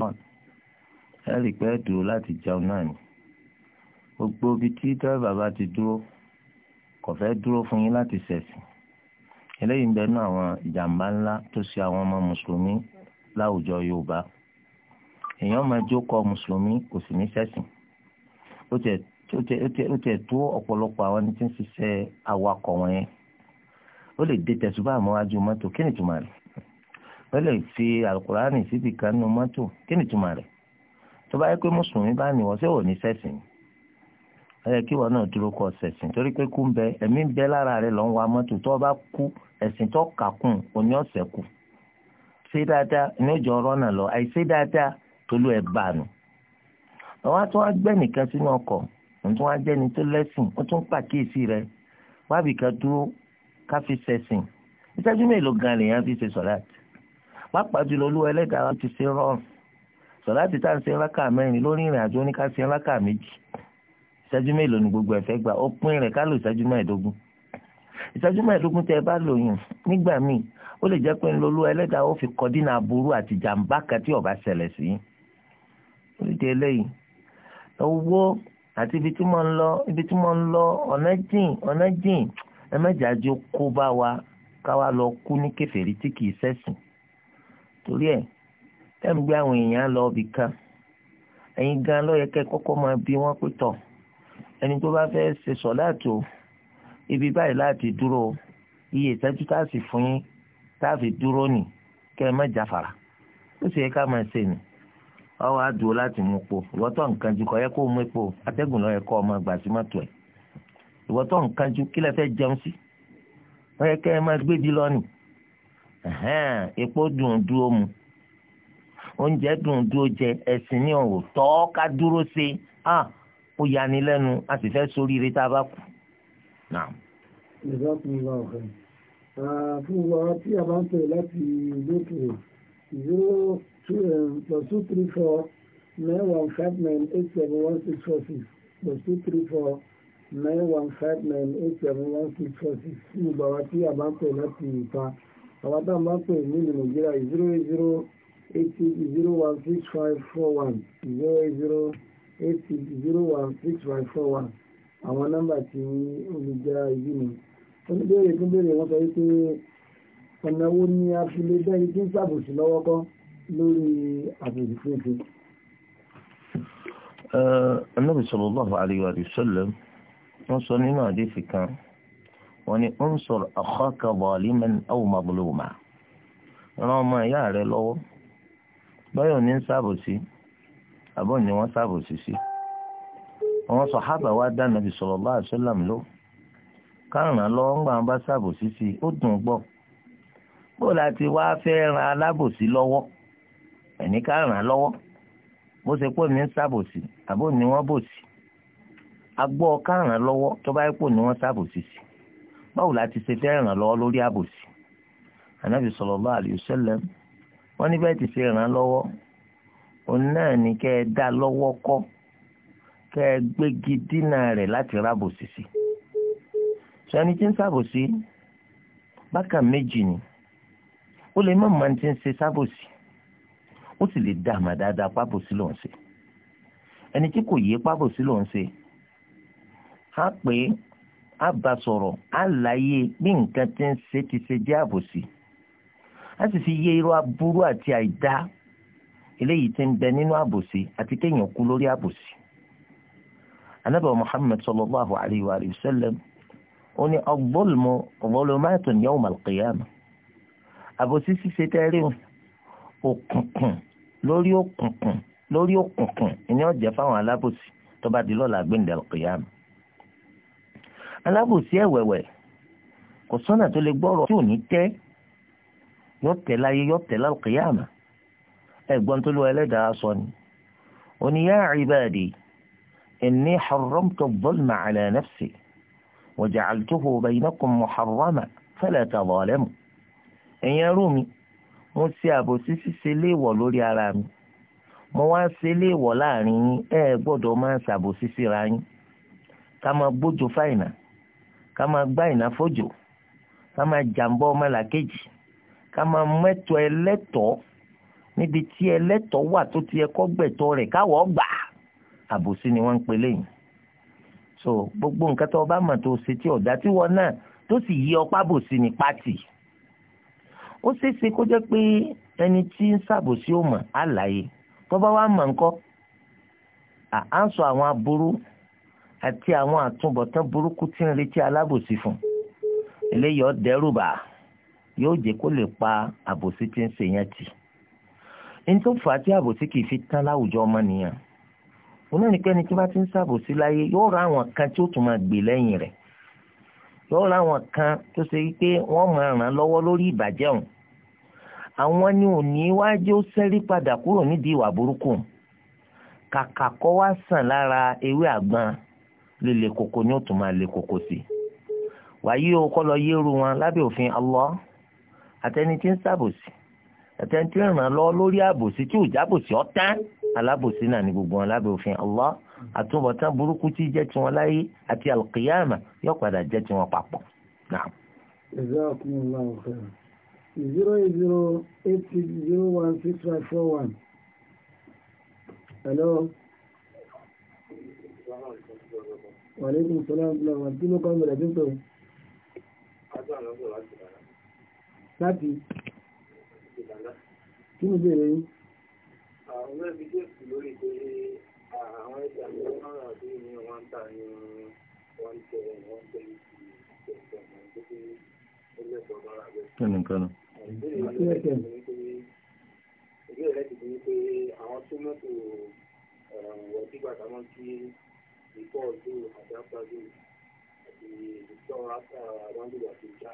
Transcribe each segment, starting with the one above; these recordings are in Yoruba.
rọ̀n ẹ̀rì pé dúró láti jẹun náà ni gbogbo ibi tí dẹ́rẹ́bà bá ti dúró kò fẹ́ dúró fún yín láti ṣẹ̀sìn eléyìí ń bẹnu àwọn ìjàmbá ńlá tó ṣe àwọn ọmọ mùsùlùmí láwùjọ Yorùbá èèyàn máa jókòó mùsùlùmí kò sì ní ṣẹ̀sìn ó tiẹ̀ tó ọ̀pọ̀lọpọ̀ àwọn ẹni tí ń ṣiṣẹ́ awakọ̀ wọn yẹn ó lè dé tẹ̀sùbá àmọ́wájú mọ́tò kí ni tùmọ̀ rẹ̀ ó lè fi alukurani síbi kan nu mọ́tò kí ni túmọ̀ rẹ̀ tó bá yẹ pé mùsùlùmí bá ní wọ́n ṣé wò ní sẹ́sìn ó yẹ kí wọ́n náà dúró kọ sẹ̀sìn torí pé kú ń bẹ ẹ̀mí ń bẹ lára rẹ̀ lọ́n wa mọ́tò tó bá kú ẹ̀sìn tó kà kún òní ọ̀sẹ̀ kù ṣé dáadáa ní òjò ọ̀rọ̀ náà lọ àìṣe dáadáa tolú ẹ̀ bá nù àwọn àti wọn gbẹ nìkan sínú ọkọ̀ nítorí wọn jẹ́ni tó lẹ́sìn ó tún pàkíyèsí rẹ̀ wábìkan dúró ká fi sẹ̀sìn mélòó gan lèèyàn fi ṣe sọ̀láàtì pàápàá jùlọ olú ẹlẹ́dàá ti ṣe rọrùn sọ̀láàtì tá à ń ṣe rákà mẹ́rin lórí ìrìn àjò oníká ṣe rákà méjì ìṣẹ́jú mélòó ni gbogbo ẹ̀fẹ́ gbà ó pín rẹ̀ ká lò ìṣẹ́jú mẹ́ẹ̀ẹ́dógún ìṣẹ́jú mẹ́ẹ̀ẹ́dógún tẹ́ ẹ bá lò yùn nígbà míì ó lè jẹ́ pé ńlọlú ẹlẹ́dàá ó fi kọ́ dínà aburú àti jàǹbá kan tí ó bá ṣẹlẹ̀ sí i olùdí ẹ̀mẹ́jà jẹ́ kó bá wa ká wa lọ kú ní kèfèrí tí kì í ṣẹ̀sìn torí ẹ̀ tẹ́ ń gbé àwọn èèyàn lọ ibì kan ẹ̀yin gan ló yẹ kẹ́ kọ́kọ́ máa bí wọ́n pé tọ̀ ẹni tó bá fẹ́ ṣe sọ láti o ibi báyìí láti dúró iye ìtẹ́jú tá a sì fún yín tá a fi dúró nì kẹ́ ẹ má jáfara ó sì yẹ ká máa ṣe nì ọwọ́ á dúró láti mú po ìwọ́tọ̀ nǹkan jù kọ́ yẹ kó mú epo atẹ́gùn ló kọ́ ọmọ àgbà sí mọ́tò ẹ̀ ìwọ́tọ̀ nǹkan jù kí fẹ́ jẹun sí wọ́n yẹ kẹ́ ẹ máa gbé di lọ́nìí epo dùn dúró mu oúnjẹ dùn dúró jẹ ẹ̀sìn ní òwò tọ́ ká dúró ṣe á ó yani lẹ́nu a sì fẹ́ ṣoríire tá a bá kú. ìbákùnrin ọ̀fẹ́ fún wa tí a bá ń pè láti lókèrè zero two eh, plus two three four nine one five nine eight seven one six four six plus two three four nine one five nine eight seven one six four six fún wa tí a bá ń pè láti ìta àwọn adá máa pè ní ìlú nàìjíríà zero eight zero eight zero one six five four one zero zero eight zero one six five four one àwọn nọ́mbà tí olùjá ìbí mi oníbẹ̀rẹ̀ tó bẹ̀rẹ̀ wọ́n sọ wípé ọ̀nà wo ni a fi lè dá ibi ń ṣàbòsí lọ́wọ́ kọ́ lórí àbòsí fúnfún. Ànábì sallallahu alayhi wa sallam wọ́n sọ nínú àdéfì kan wọ́n ní unsur akhaka zaliman aw mazluma ran ọmọ ìyá rẹ lọ́wọ́ báyọ̀ ní ń ṣàbòsí àbọ̀ ni wọ́n ṣàbòsí sí àwọn sọ̀hábà wa dá nàbì sallallahu alaihi wasallam ló kárùn-ún lọ́wọ́ ńgbà wọn bá ṣàbòsí sí ó dùn gbọ́ bó láti wá fẹ́ ran alábòsí lọ́wọ́ ẹ̀ní kárùn lọ́wọ́ bó ṣe pọ̀ ní ń ṣàbòsí àbọ̀ ni wọ́n bòsí agbọ́ kárùn lọ́wọ́ tó bá yẹ pò ní wọ́n ṣàbòsí sí i báwo la ti ṣe fẹ́ ràn lọ́wọ́ lórí àbòsí anabi sallallahu alayhi wa sallam wọ́n ní bẹ́ẹ̀ ti ṣe ràn lọ́wọ́ òun náà ni kẹ́ ẹ dá lọ́wọ́ kọ́ kẹ́ ẹ gbégi dínà rẹ̀ láti rábòsí sí sọ ẹni tí ń ṣàbòsí bákan méjì ni ó lè má máa ti ń ṣe sábòsí ó sì lè dá àmà dáadáa pábòsí ló ń ṣe ẹni tí kò yé pábòsí ló ń ṣe á pè é á bá sọ̀rọ̀ á láyé bí nǹkan ti ń ṣe ti ṣe jẹ́ àbòsí á sì fi yé irú aburú àti àìdá eléyìí ti ń bẹ nínú àbòsí àti kéèyàn kú lórí àbòsí. anábà muhammed sallallahu alayhi wa sallam ó ní ọgbọ́lùmọ́ ọgbọ́lùmọ́tò ní yawm al àbòsí ṣíṣe tẹ́rẹ́ òkùnkùn lórí òkùnkùn lórí òkùnkùn ìní ọ̀jẹ̀ fáwọn alábòsí tó bá di lọ́la gbẹ̀ndẹ̀ al alábòsí ẹ̀wẹ̀wẹ̀ kò sọ́nà tó lè gbọ́rọ̀ tí ò ní tẹ́ yọ tẹ́ láyé yọ tẹ́ lálùkìyàmà ẹ̀gbọ́n tó lọ ẹlẹ́dàá sọ ni oníyá ibadi inni harramtu adh-dhulma ala nafsi wa ja'altuhu baynakum muharrama fala tadhalamu ẹ̀yin ẹrú mi mo ṣe àbòsí ṣíṣe léèwọ̀ lórí ara mi mo wá ṣe léèwọ̀ láàrin yín ẹ gbọ́dọ̀ máa ṣàbòsí síra yín ká máa gbójú fáìnà ká máa gbá ìnáfọ́jò ká máa jàǹbá ọmọ làkejì ká máa mẹ́tọ́ ẹlẹ́tọ́ níbi tí ẹlẹ́tọ́ wà tó ti ẹkọ́ gbẹ̀tọ́ rẹ̀ káwọ́ gbà àbòsí ni wọ́n ń pe lẹ́yìn so gbogbo nǹkan tó o bá mọ̀ tó o ṣe tí ọ̀dà tí wọ́n náà tó sì yí ọpá bòsí ni pátì ó ṣeéṣe kó jẹ́ pé ẹni tí ń ṣàbòsí ò mọ̀ àlàyé tó bá wá mọ̀ ńkọ́ à ń sọ àwọn aburú àti àwọn àtúbọ̀tán burúkú tí ń retí alábòsí fún eléyìí ọ̀dẹ́rùbà yóò jẹ́ kó lè pa àbòsí tí ń ṣe yẹn tì ní tó fà á tí àbòsí kì í fi tán láwùjọ ọmọnìyàn òun ní kẹ́ni tí bá ti ń ṣàbòsí láyé yóò ra àwọn kan tí ó tún máa gbè lẹ́yìn rẹ̀ yóò ra àwọn kan tó ṣe wípé wọ́n máa ràn lọ́wọ́ lórí ìbàjẹ́ òun àwọn ni ò ní wájú ó ṣẹ́rí padà kúrò nídìí ìwà burúkú kàkà kọ́ wá sàn lára ewé àgbọn lele koko ní òtún máa le koko sí i wàyí o kọ́ lọ yéru wọn lábẹ́ òfin Allah àtẹni tí ń ṣàbòsí àtẹni tí ń ràn lọ lórí àbòsí tí ò jábòsí ọ̀tán alábòsí náà ní gbogbo wọn lábẹ́ òfin Allah àtúbọ̀tán burúkú tí jẹ́ tiwọn láyé àti alqiyama yóò padà jẹ́ tiwọn papọ̀ náà. jazakumullahu khairan zero eight zero eight six zero one six five four one hello. wàlẹ́kùn sọ́lá lọ́wọ́ tí ló kọ́ mẹ́rẹ̀ tó sọ̀rọ̀ láti kí ni bèèrè yìí àwọn ẹbí tó sì lórí pé àwọn ẹgbẹ́ àwọn ọmọ àti ní wọ́n ń tà ní wọ́n tẹ wọ́n tẹ ìṣẹ̀lẹ̀ àwọn tó fi ẹlẹ́tọ̀ọ́ lọ́ra bẹ́ẹ̀. kí ni nǹkan náà. ìbéèrè rẹ̀ ti ní pé àwọn tó mọ́tò wọ̀ before do and after do àti before after one do àti ìjà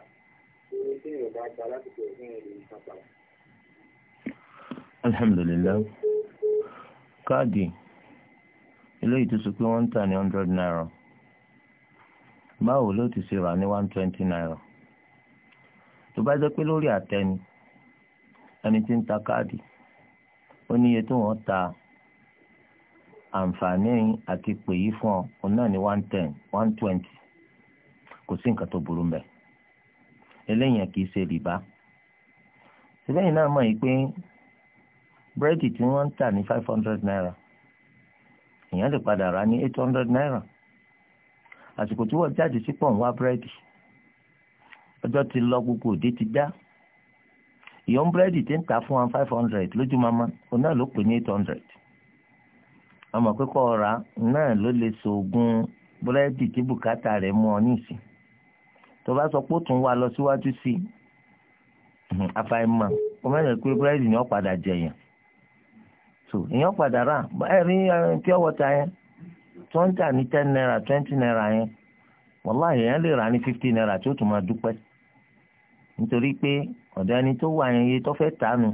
tó tí èèyàn bá gba lásìkò ẹ̀sìn ẹ̀ lè ní kápá. alhamdulilayi káàdì eléyìí tó sọ pé wọ́n ń tà ní hundred naira báwo ló ti ṣe rà ní one twenty naira tó bá jẹ́ pé lórí àtẹni ẹni tí ń ta káàdì ó ní iye tó wọ́n ta àǹfààní àti pè yí fún ọ òun náà ní one ten one twenty kò sí nǹkan tó burú mbẹ eléyìí kì í ṣe rìbá síbẹ̀yìn náà mọ̀ yìí pé búrẹ́dì tí wọ́n ń tà ní five hundred naira èèyàn lè padà rà ní eight hundred naira àsìkò tí wọ́n jáde sí pọ̀ ń wá búrẹ́dì ọjọ́ ti lọ gbogbo òde ti dá ìyọ̀n búrẹ́dì ti ń tà fún one five hundred lójúmọ́mọ́ òun náà ló pè ní eight hundred àmọ́ pípọ̀ ọ̀rá náà ló lè ṣoògùn búrẹ́dì tí bùkátà rẹ̀ mú ọ nísìn tó bá sọ pé ó tún wá lọ síwájú sí i àfàìmọ̀ kò mẹ́rin pé búrẹ́dì ni ó padà jẹyàn so èèyàn padà rà ẹ̀rí pure water yẹn tó ń tà ten naira twenty naira yẹn wàláhì èèyàn lè rà ní fifty naira tí ó tún máa dúpẹ́ nítorí pé ọ̀dọ̀ ẹni tó wà yẹn iye tó fẹ́ tà nù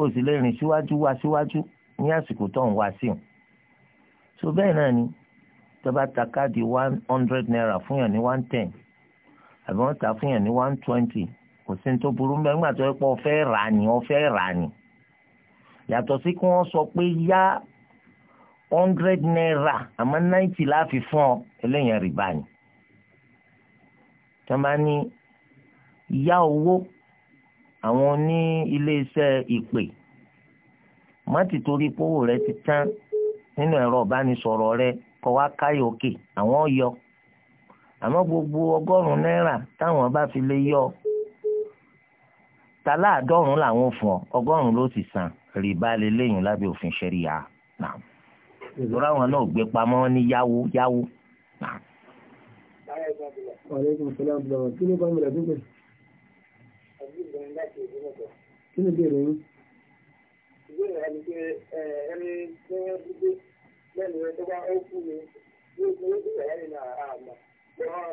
ó sì lè rìn síwájú wá síwájú ní àsìkò tó ń wá sí i. so bẹ́ẹ̀ náà ni tọ́ba ta káàdì one hundred naira fún yàn ní one ten àbí wọ́n ta fún yàn ní one twenty kò sí ní tó burú mbẹ́ nígbà tó yẹ pé ọ̀fẹ́ rà ni ọ̀fẹ́ rà ni yàtọ̀ sí kí wọ́n sọ pé yá hundred naira àmọ́ ninety láàfi fún ọ eléyàn rìbá ni tọ́ba ní yá owó àwọn oní ilé ìpè má ti torí pé rẹ ti tán nínú ẹ̀rọ ìbánisọ̀rọ̀ rẹ kọ wá káyọ̀ òkè àwọn yọ àmọ́ gbogbo ọgọ́rùn-ún náírà táwọn bá fi lè yọ ta láàdọ́rùn làwọn fún ọ ọgọ́rùn-ún ló sì san rìbá lélẹ́yìn lábẹ́ òfin ṣẹ̀ríyà náà ìrora àwọn náà gbé pamọ́ ní yáwó yáwó náà. kí ni bá ni ìdí ìrìn ẹni tí wọ́n ti dé lẹ́nu rẹ̀ tó bá ó kú ni ní ìpínlẹ̀ tó yàrá nínú àmà wọn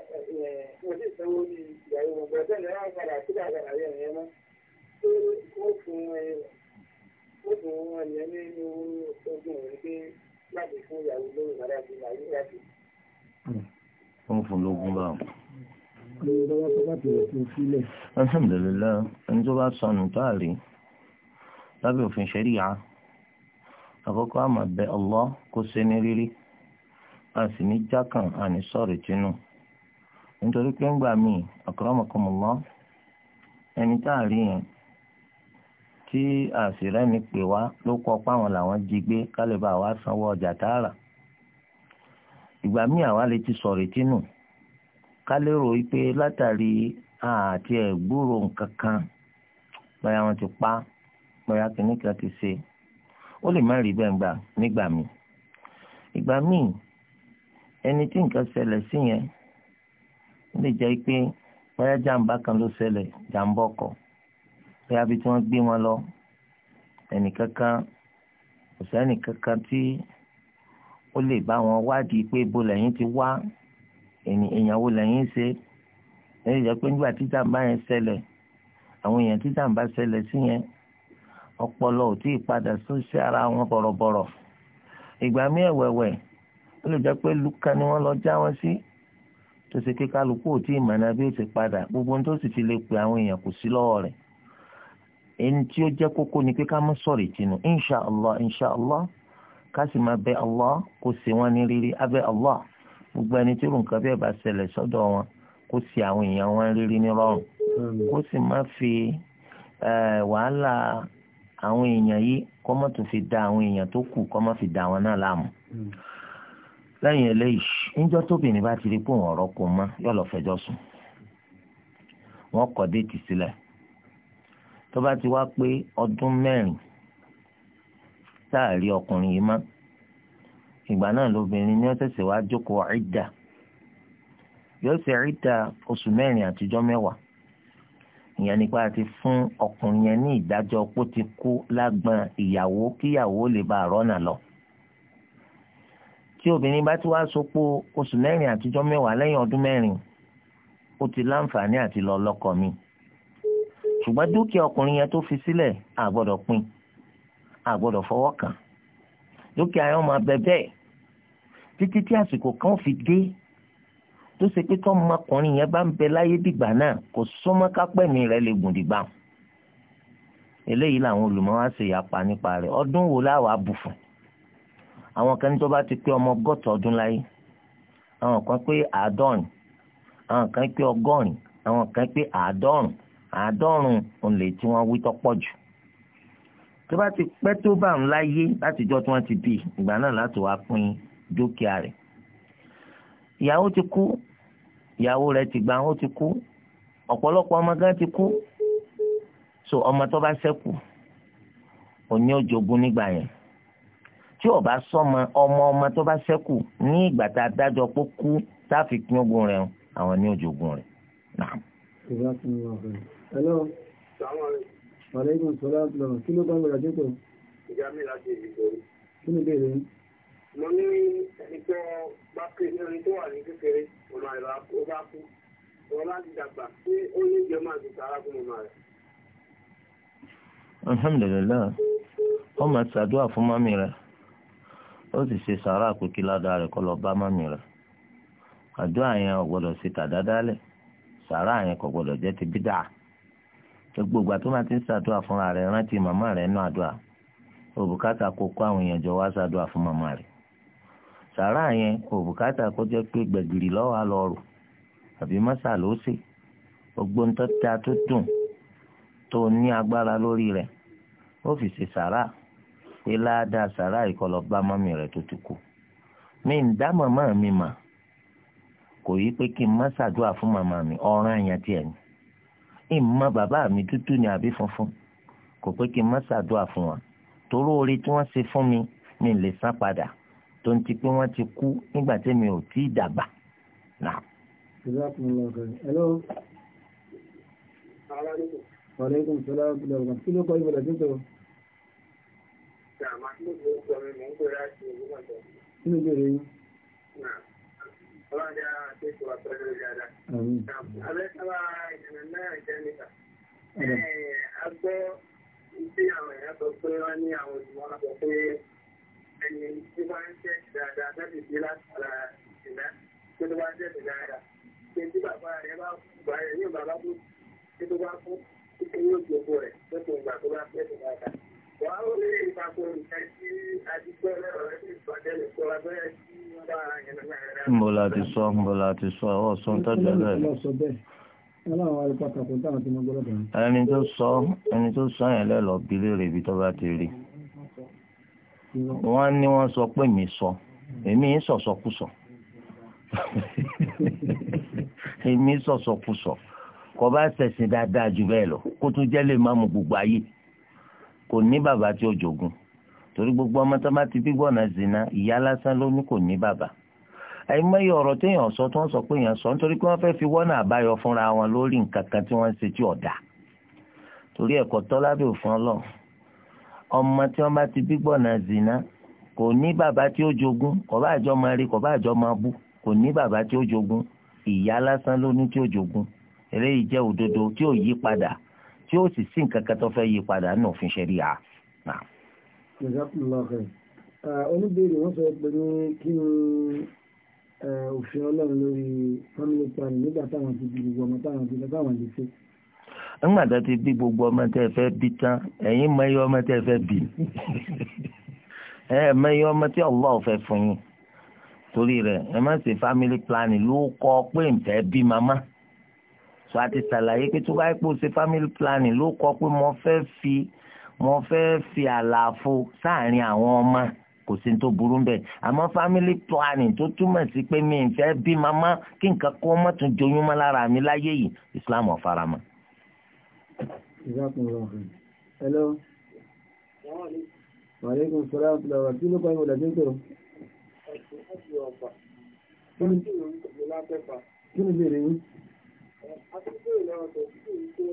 mo sì sanwó ní ìyàwó wọn bọ̀ sẹ́ni wọn padà síbà padà rí ẹ̀yẹ mọ́ pé ó fún ó fún nínú ogún rẹ̀ pé láti fún ìyàwó lórí ìmọ̀lá àti ìlàyé láti. wọ́n fún lógún báwọn. alhamdulilayi ẹni tó bá sọnù táàrí lábẹ́ òfin ṣẹ̀ríà àkọ́kọ́ àmọ̀ bẹ Allah kó ṣe ní rírí a sì ní jákàn àní sọ̀rọ̀ tínú nítorí pé ńgbà míì akramakumullah ẹni tá a rí yẹn tí àṣìrẹ́ ni pè wá ló kọ́ páwọn làwọn jí gbé kálíbà wá sanwó ọjà tààrà ìgbà àwa lè ti sọ̀rọ̀ tínú kálérò wípé látàrí àti ẹ̀gbúrò nǹkan kan báyà wọn ti pa bóyá kìíní kan ti ṣe ó lè má rí bẹ́ẹ̀ gbà nígbà míì ìgbà míì ẹni tí nǹkan ṣẹlẹ̀ sí yẹn ó lè jẹ́ pé bóyá jàǹbá kan ló ṣẹlẹ̀ jàǹbá ọkọ̀ bóyá bí tí wọ́n gbé wọn lọ ẹnìkankan kò sẹ́nìkankan tí ó lè bá wọn wádìí pé ibo lẹ́yìn ti wá èèyàn lẹ́yìn ṣe lẹ́yìn jẹ́ pé nígbà tí jàǹbá yẹn ṣẹlẹ̀ àwọn èèyàn tí jàǹbá ṣẹlẹ̀ sí yẹn ọpọlọ ò tí ì padà sún sí ara wọn bọ̀rọ̀bọ̀rọ̀ ìgbà mí ẹ̀wẹ̀wẹ̀ ó lè jẹ́ pé lùkà ni wọ́n lọ já wọn sí tó ṣe tí ì bí ó ti padà gbogbo ohun tó sì fi lè àwọn èèyàn kò sí lọ́wọ́ insha allah insha allah ká sì máa bẹ allah kó wọn gbogbo ẹni tí bẹ́ẹ̀ bá ṣẹlẹ̀ sọ́dọ̀ wọn kó àwọn èèyàn wọn rírí kó sì má àwọn èèyàn yìí kọ́mọ́ tó fi da àwọn èèyàn tó kù kọ́mọ́ fi da àwọn náà láàmú. Hmm. lẹ́yìn eléyìí níjọ́ tóbìnrin bá ti rí pé òun ọ̀rọ̀ kò mọ́ yóò lọ fẹjọ́ sùn wọ́n kọ́ déètì sílẹ̀ tó bá ti wá pé ọdún mẹ́rin sáàrí ọkùnrin yìí mọ́ ìgbà náà lóbìnrin ni ó ṣẹ̀ṣẹ̀ wá jókòó ìdà yóò ṣe ìdà oṣù mẹ́rin àtijọ́ mẹ́wàá ìyẹn nípa ti fún ọkùnrin yẹn ní ìdájọ́ kó ti kú lágbọn ìyàwó kíyàwó lè bá rọ́nà lọ. tí obìnrin bá ti wá sopọ̀ oṣù mẹ́rin àtijọ́ mẹ́wàá lẹ́yìn ọdún mẹ́rin ó ti láǹfààní àti lọ lọ́kọ mi. ṣùgbọ́n dúkìá ọkùnrin yẹn tó fi sílẹ̀ a gbọ́dọ̀ pín fọwọ́ kàn dúkìá yẹn máa bẹ bẹ́ẹ̀ títí tí àsìkò kan fi dé tó ṣe pé tó ọmọkùnrin yẹn bá ń bẹ láyé dìgbà náà kò súnmọ́ kápẹ́mì rẹ̀ lè gùn dìgbà eléyìí làwọn olùmọ̀ wá ṣe yapa nípa rẹ̀ ọdún wo láwàá bù fún àwọn kan tó bá ti pé ọmọ ọgọ́ta ọdún láyé àwọn kan pé àádọ́rin àwọn kan pé ọgọ́rin àwọn kan pé àádọ́rùn àádọ́rùn òun lè tí wọ́n wí tọ́pọ̀ jù tó bá ti pẹ́ tó bá ń láyé látijọ́ tí wọ́n ti bí ìgbà náà láti wá pín dúkìá rẹ̀ ìyàwó ti kú ìyàwó rẹ̀ ti gbà ó ti kú ọ̀pọ̀lọpọ̀ ọmọ gan ti kú so ọmọ tó bá ṣẹ́kù òní òjògùn nígbà yẹn tí ó bá sọmọ ọmọ ọmọ tó bá ṣẹ́kù ní ìgbà tá a dájọ́ pé kú tá a fi pín ogún rẹ̀ àwọn ní òjògùn rẹ̀ hello. aleykum salaam kí ló bá ń gbọ́dọ̀ dé tó. ìyá mi láti ìdíje. kí ni ìbéèrè yín mo ní ìfẹ́ bá pè ní orin tó wà ní kékeré ọmọ ìlà ó bá kú wọn láti dàgbà pé ó ní ìjọ máa dùn sára fún ọmọ rẹ. alhamdulilayi ó máa ṣàdúrà fún mami rẹ ó sì ṣe sàárà pé kí ládàá rẹ kó lọ bá mami rẹ àdúrà yẹn ò gbọdọ̀ ṣe tàdádálẹ̀ sàárà yẹn kò gbọdọ̀ jẹ́ ti bídà gbogbo ìgbà tó máa ti ń ṣàdúrà fúnra rẹ rántí màmá rẹ náà àdúrà òbúkátà kó kó àwọn èèyàn jọ wá ṣàdúrà fún màmá rẹ sàrà yẹn kò bùkátà kó jẹ́ pé gbẹ̀gìrì lọ́wọ́ á lọ rò àbí mọ́sà ló sè gbogbo ń tọ́ta tó dùn tó ní agbára lórí rẹ̀ ó fi ṣe sàrà pé láàdá sàrà ìkọlọ bá mọ́mì rẹ̀ tó ti kú mi ń dá màmá mi mà kò yí pé kí n má ṣàdúrà fún màmá mi ọ̀ràn àyàn tiẹ̀ ni ìmọ̀ bàbá mi dúdú ni àbí funfun kò pé kí n má ṣàdúrà fún wa torí oore tí wọ́n ṣe fún mi mi lè san padà tó ń ti pé wọ́n ti kú nígbà tí mi ò tí ì dàgbà náà. Wàlékún sọ́lá ọ̀gbìn ọ̀gbìn kí ló kọ́ ìbọ̀dọ̀ tó sọ̀rọ̀? Kí ló bèrè yín? Ọlọ́dẹ àtẹ́kọ̀ọ́ àpẹẹrẹ ìjàdá. Abẹ́sábà ìjànà náà jẹ́ níta. A gbọ́ ibi àwọn èèyàn sọ pé wọ́n ní àwọn òṣùwọ̀n sọ pé ẹni tí wọ́n ń ṣe dáadáa láti fi látara ìṣẹ̀lá tí wọ́n bá ń ṣẹ̀ṣẹ̀ dáadáa. ṣé tí bàbá rẹ̀ bá gbà rẹ̀ yóò bàbá kú tí tó bá kú tí kò yóò gbogbo rẹ̀ lókun ìgbà tó bá fẹ́ ṣẹ̀ṣẹ̀ dáadáa. wà á lè ìpapò ìṣẹ́ tí adigun ẹlẹ́rọ rẹ̀ ti ìfọ̀tẹ́lẹ̀ sọ abẹ́rẹ́ tí wọ́n bá yẹn Mo la sọ, Ẹni tó sọ, ẹni tó sọ yẹn lẹ́lọ́ bí léèrè ibi tó bá ti rí wọ́n ní wọ́n sọ pé mi sọ èmi ń èmi sọ̀sọ̀kùsọ kò bá ṣẹ̀sìn dáadáa jù bẹ́ẹ̀ lọ kó tún jẹ́ lè má mu gbogbo ayé kò ní bàbá tí ó jogun torí gbogbo ọmọ tó bá ti bíbọ̀ náà zina ìyá lásán ló ní kò ní bàbá àìmọye ọ̀rọ̀ téèyàn sọ tó ń sọ pé èèyàn sọ nítorí pé wọ́n fẹ́ fi wọ́nà àbáyọ fúnra wọn lórí nǹkan kan tí wọ́n ń ṣe tí ọ̀dà torí ẹ̀kọ́ tọ́ òfin ọlọ́run ọmọ tí wọ́n bá ti bí gbọ̀nà zina kò ní bàbá tí ó jogún kò bá àjọ máa rí kò bá àjọ máa bú kò ní bàbá tí ó jogún ìyá lásán ló ní tí ó jogún eléyìí jẹ́ òdodo tí ò yí padà tí ó sì sí nǹkan kan tó fẹ́ yí padà ní òfin ṣẹ̀rí à. oníbèrè wọ́n sọ pé ní kí ni òfin ọlọ́run lórí family plan nígbà táwọn ti di gbogbo ọmọ táwọn ti lọ táwọn lè ṣe nígbà tó ti bí gbogbo ọmọ tẹ́ fẹ́ bí tán ẹ̀yin mọ iye ọmọ tẹ́ fẹ́ bí ẹ mọ ọmọ tí Allah fẹ́ fún yín torí rẹ̀ ẹ má ṣe family planning ló kọ pé ǹfẹ́ bí màmá sọ àti ṣàlàyé pé tó bá yẹ pé ṣe family planning ló kọ pé mo fẹ́ fi mo fẹ́ fi àlàfo sáàrin àwọn ọmọ kò sí tó burú bẹ àmọ́ family planning tó túmọ̀ sí pé mi ń fẹ́ bí màmá kí nǹkan kó má tún mọ́ lára mi láyé yìí Islam ò fara mọ́. Ìzákùnlọ́ ọ̀hún. Hello. Màríkùn Sọlá Fúláwà, kí ló kọ́ ìwọ̀n lẹ́jọ́ tó? Kí ni bèèrè yín? Àtúntò ìlànà tó kí ní pé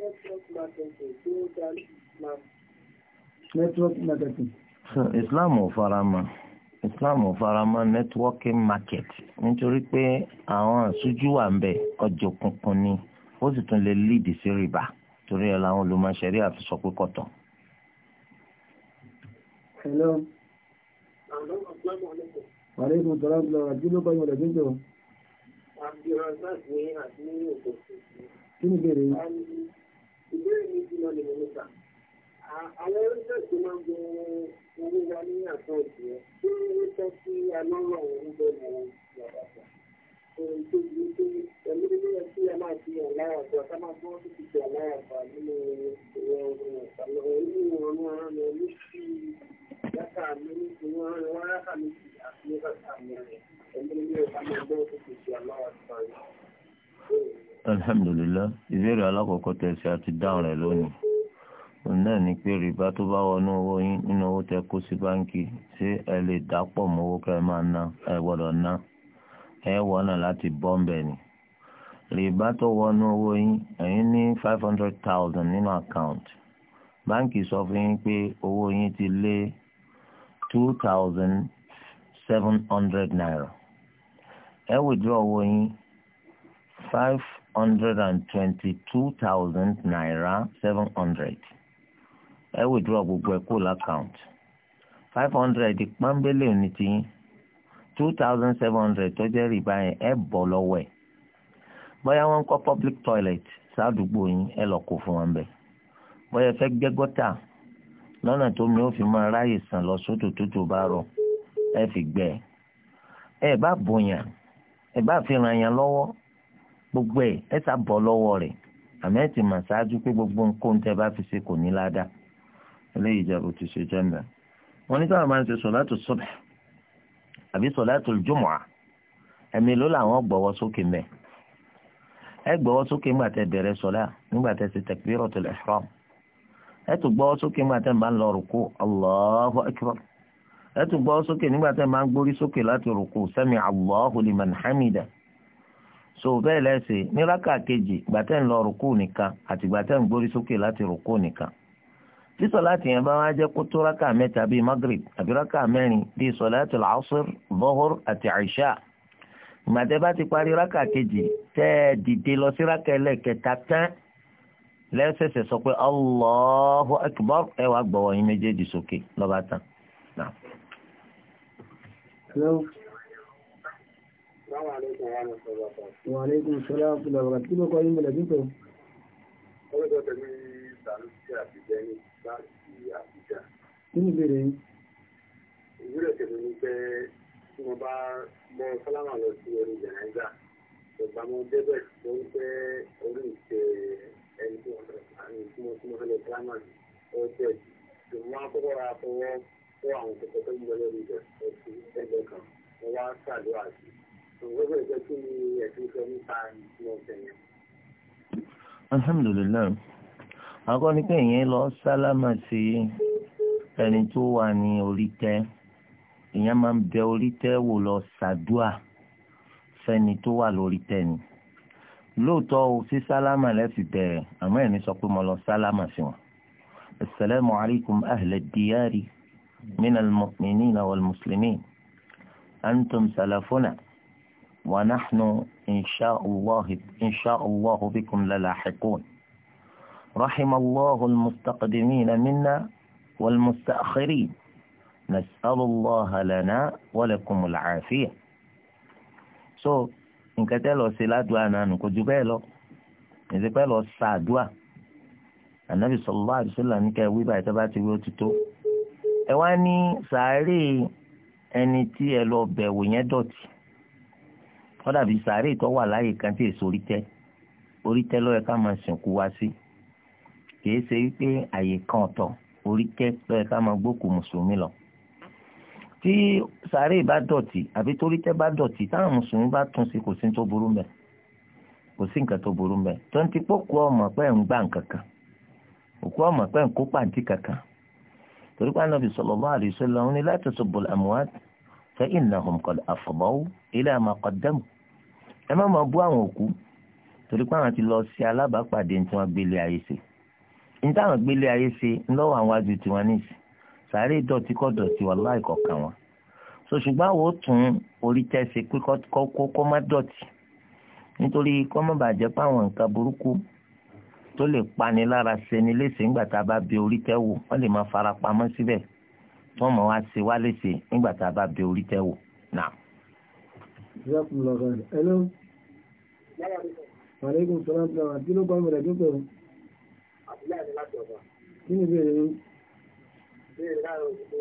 network marketing tó dá network marketing. Islam ò fara mọ́. Islam ò fara networking market nítorí pé àwọn àṣújú wà ń bẹ̀ ọjọ́ kunkun ni ó sì tún lè líìdì sí rìbá torí ẹ̀ làwọn olùmọ̀ṣẹ́rí àti sọ pé kọ̀tọ̀. hello. wàlẹ́ ìmọ̀ tọ́lá ń lọ àti ló kọ́ ìmọ̀lẹ̀ níjọ. kí ni ìbéèrè yìí. ìbéèrè mi ti lọ lè mọ̀ àwọn oríṣẹ́ tó máa ń gbé owó wa ní àtọ́ ìgbìyànjú tí wọ́n tọ́ sí alọ́rọ̀ òun bẹ́ẹ̀ yàtọ̀ pẹ̀lú alhamdulillah ìbéèrè alákọ̀ọ́kọ́ tẹ̀ sí àti dáhùn rẹ̀ lónìí òun náà ni pé rìbá tó bá wọnú owó yín nínú owó tẹ kó sí báńkì ṣé ẹ lè dà pọ̀ mọ́ owó ká ẹ máa ná ẹ gbọ́dọ̀ ná ẹ wọ́nà láti bọ́ ńbẹ ni rìbá tó wọnú owó yín ẹ̀yin ní five hundred thousand nínú account báńkì sọ fún yín pé owó yín ti lé two thousand seven hundred naira ẹ withdraw owó yín five hundred and twenty-two thousand naira seven hundred ẹ withdraw gbogbo ẹ̀ kó l'account five hundred pọ́nbélé ní tiyín two thousand seven hundred tó jẹ́ rìbá yẹn ẹ bọ̀ lọ́wọ́ ẹ̀ bóyá wọ́n ń kọ́ public toilet sádùúgbò yín ẹ lọ kó fún wọn bẹ́ẹ̀ bóyá ẹ fẹ́ gbẹ́ gọ́tà lọ́nà tó mi ó fi máa ráyè sàn lọ sódò tútù bá rọ̀ ẹ fi gbẹ́ ẹ bá bòyàn ẹ bá fi ràn yàn lọ́wọ́ gbogbo ẹ ẹ sá bọ̀ lọ́wọ́ rẹ̀ àmì ẹ ti mà ṣáájú pé gbogbo nǹkan tẹ bá fi ṣe kò ní ládàá eléyìí ìjàbọ̀ ti ṣe jẹ́ ń bẹ̀ wọ́n ní àbí sọ̀látùl jùmọ̀à ẹ̀mí ló làwọn gbọ́wọ́ sókè mẹ́ ẹ gbọ́wọ́ sókè ńgbà tẹ bẹ̀rẹ̀ sọ̀lá nígbà tẹ ṣe takbiratul ihram ẹ tún gbọ́wọ́ sókè ńgbà tẹ máa ń lọ rùkú Allahu akbar ẹ tún gbọ́wọ́ sókè nígbà tẹ máa ń gbórí sókè láti rùkú sami Allahu liman hamida so bẹ́ẹ̀ lẹ́sẹ̀ ní rákà kejì gbà ń lọ rùkú nìkan àti gbà ń gbórí sókè láti rùkú nìkan tí sọláàtì yẹn bá wá jẹ́ kó tó rákà mẹ́ta bíi magrib àbí rákà mẹ́rin bíi sọláàtì làásùr bọ́hùr àti àìṣà ìgbàdé bá ti parí rákà kejì tẹ́ ẹ dìde lọ sí rákà ẹlẹ́kẹta tán lẹ́sẹ̀sẹ̀ sọ pé Allahu akbar ẹ wàá gbọ́wọ́ yín méjèèjì sókè lọ́ba tán. Wa alaikum salaam wa rahmatullahi wa kọ́ yín mọ̀lẹ́bí pẹ̀lú? Ó lè jọ tẹ̀lé ìdàlú sí àtijọ́ bá sí àbújá. kí ni ìbéèrè yín. ìwúrẹ̀ tẹ̀lé ni pé tí wọ́n bá mọ sálámà lọ sí orí jẹ̀nẹ́gà ìgbà mo débẹ̀ mo ń fẹ́ orí ìṣe ẹni tí wọ́n fẹ́ àrùn tí tí mo fẹ́ lọ sálámà ó jẹ́ ìwọ́n akọ́kọ́ ra fọwọ́ fọ́ àwọn kòkó tó ń bẹ lórí ìjọ ẹ̀sìn ẹgbẹ́ kan mo wá ṣàdúrà sí i mo gbọ́dọ̀ jẹ́ kí ni ẹ̀sìn sọ nípa ìṣúná ọ̀sẹ̀ alhamdulilayi àkọ́kọ́ ni pé ìyẹn lọ sálámà sí ẹni tó wà ní orí tẹ́ ìyẹn máa ń bẹ orí tẹ́ wò lọ sàdúà fẹ́ni tó wà lórí tẹ́ ni lóòótọ́ o sí sálámà lẹ́sìn bẹ̀rẹ̀ àmọ́ ẹ̀mí sọ pé mo lọ sálámà sí wọn. asalaamu alaykum ahlẹ diyaari min almu'minina wal muslimin antum salafuna wa nahnu insha allah insha allah bikum lalaxiqun. رحم الله المستقدمين منا والمستأخرين نسأل الله لنا ولكم العافية so nǹkan tẹ́ lọ sí ládùá náà nù kò ju bẹ́ẹ̀ lọ èsì pẹ́ lọ sàdúà ànábì sallallahu alaihi wasallam ní kẹ́ wíwá ìtọ́ bá ti wí òtítọ́ ẹ wá ní sàárè ẹni tí ẹ lọ bẹ̀wò yẹn dọ̀tí ó dàbí sàárè tó wà láyè kan tí èso orí tẹ́ orí tẹ́ lọ́yẹ ká máa sìnkú wá sí. Si kìí ṣe wípé àyè kan ọ̀tọ̀ orí kẹ́ lọ́yẹ ká máa gbókù mùsùlùmí lọ. tí sàárè bá dọ̀tí àbí torí tẹ́ bá dọ̀tí táwọn mùsùlùmí bá tún sí kò sí tó burú mbẹ̀ kò sí nǹkan tó burú mbẹ̀ tó ń ti pókú ọmọ pé ń gbà nǹkan kan òkú ọmọ pé ń kó pàǹtí kankan torí pé Ànábì sallallahu alaihi wasallam ní la tasubbul amwat fa innahum qad afdaw ila ma qaddamu ẹ má máa bú àwọn òkú torí pé àwọn ti lọ sí alábàápàdé tí wọ́n gbélé ayé ṣe. nítawọn gbélé ayé ṣe ńlọ́wọ́ àwọn ajú tiwọn níṣì sàárè dọ̀tí kọ́ dọ̀tí wà láì kọ̀ọ̀kan wọn so àwọn ò orí tẹ́sí pé kó má dọ̀tí nítorí kó má bàjẹ́ páwọn nǹkan burúkú tó lè pani lára léṣe nígbà tá a bá orí wò fara pamọ́ síbẹ̀ Wa lese salaam. Kí bá mi ìyá láti ọ̀dọ̀. kí ni ìbéèrè náà rò pé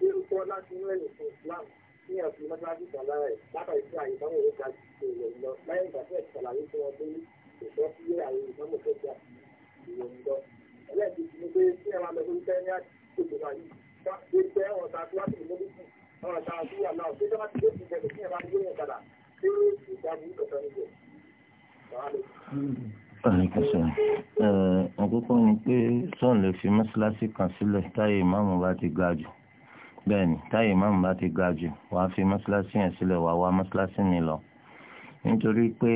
ilé ìkọ́ láti ń rẹ̀yìn fún Islam ní ẹ̀sùn mọ́tíláṣí kan lára ẹ̀ sí àyè ìbámu ìwé ga jù ìròyìn lọ láyé ìgbà tí ẹ̀sùn àlàyé tí wọ́n dé ìfẹ́ sí àyè ìbámu tó ga ìròyìn lọ. ẹlẹ́ẹ̀kejì ni pé kí ẹ máa lọ sí kẹ́ńyà tó ti wà yìí ṣé tí wọ́n ti àkókò ni pé sọ́ọ̀n lè fi mọ́ṣáláṣí kan sílẹ̀ táyé ìmáàmù bá ti ga jù bẹ́ẹ̀ ni táyé ìmáàmù bá ti ga jù fi yẹn sílẹ̀ wàá wá lọ nítorí pé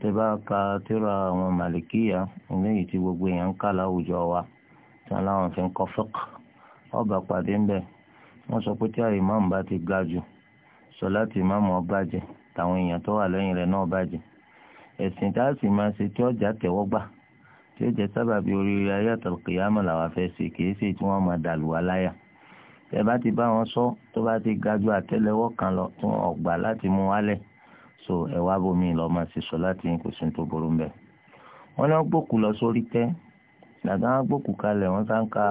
tẹ bá ka tíra àwọn màlìkíyà gbogbo èèyàn ń kà láwùjọ wa tí láwọn ọba pàdé ń bẹ̀ wọ́n sọ ti ga jù sọ láti ìmáàmù ẹ̀sìn tá a sì máa ṣe tí ọjà tẹ̀wọ́ gbà tí ó jẹ́ sábàbí oríire ayé àtàlùkìyàmọ̀ làwọn fẹ́ ṣe kìí ṣe tí wọ́n máa dàlù wá láyà tẹ bá ti bá wọn sọ tó bá ti ga ju àtẹ́lẹwọ́ kan lọ tí wọn ọgbà láti mú wálẹ̀ so ẹ wá bomi lọ máa ṣe sọ láti kò sí tó burú mbẹ. wọn ní wọn gbókù lọ sórí tẹ dàgbà wọn gbókù kalẹ̀ wọn sáńka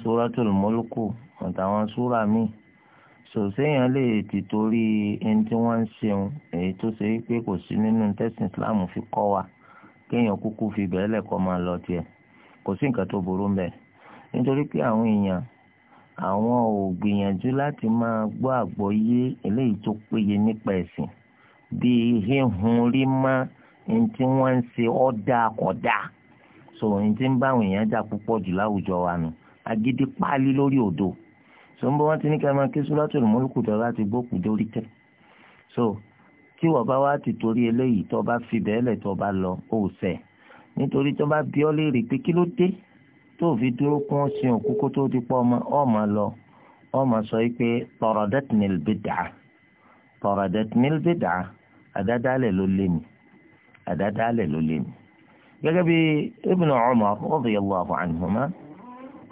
suratul mulku àtàwọn súra míì sòséyàn lè ti torí ẹni tí wọ́n ń ṣeun èyí tó ṣe wípé kò sí nínú tẹ́sán islam fi kọ́ wa kéèyàn kúkú fi bẹ́ẹ̀ lẹ́kọ́ máa lọ tiẹ̀ kò sí nǹkan tó burú mbẹ̀ nítorí pé àwọn èèyàn àwọn ò gbìyànjú láti máa gbọ́ àgbọ́yé eléyìí tó péye nípa ẹ̀sìn bíi híhun rí mọ́ ẹni tí wọ́n ń ṣe ọ̀dà kọ̀dà so ẹni tí ń bá àwọn èèyàn jà púpọ̀ jù láwùjọ wa nù agídí páálí lórí òdo so ń bọ́ wọ́n ti ní ká máa ké suratul mulku tó bá gbókù dórí tẹ̀ so tí wọ́n bá wá ti torí eléyìí tó bá fi bẹ́ẹ̀lẹ̀ tó bá lọ ó sẹ̀ nítorí tó bá bí ọ léèrè pé kí ló dé tó fi dúró kún sin òkú kó tó ti pọ̀ ọmọ lọ ọmọ sọ pé taradatnil bid'a taradatnil bid'a àdádálẹ̀ ló lé mi àdádálẹ̀ ló lé mi gẹ́gẹ́ bí Ibn Umar radiyallahu anhuma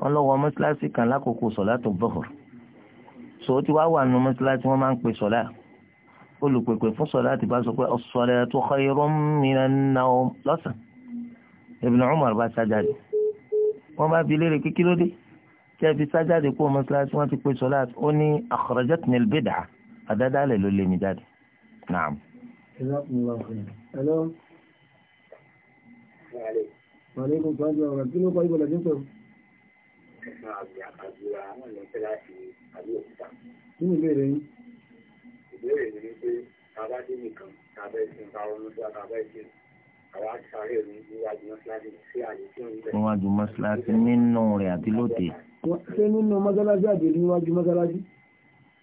wọn lọ wọ mọ́sálásí kan lákòókò sọ̀látù dhuhr sọ ti wá wà nínú mọ́sálásí wọ́n máa ń pè sọ́lá olùpèpè fún sọ́lá ti bá sọ pé as-salatu khayrun minan nawm lọ́sàn Ibn Umar bá sájáde wọ́n bá bi léèrè kí kí ló dé tẹ́ fi sájáde kó mọ́sálásí wọ́n ti pè sọ́lá ó ní akhrajatni al-bid'ah àdádálẹ̀ ló lé mi jáde naam. Wàlé ọ̀rọ̀ kí ló kọ́ ibùdó ẹ̀sán àgbẹ̀ àkàjúra àwọn èèyàn fẹ́ láti àbí òkúta. nínú ìbéèrè yín. ìbéèrè mi ni pé bàbá dé nìkan tàbẹ́ sí ń bá ọmọ tó àbábẹ́ sí àwa sáré mi níwájú mọ́ṣáláṣí sí àyè tí ó ń bẹ̀. níwájú mọ́ṣáláṣí nínú rẹ̀ àti lóde. ṣé nínú mọ́ṣáláṣí àbí níwájú mọ́ṣáláṣí?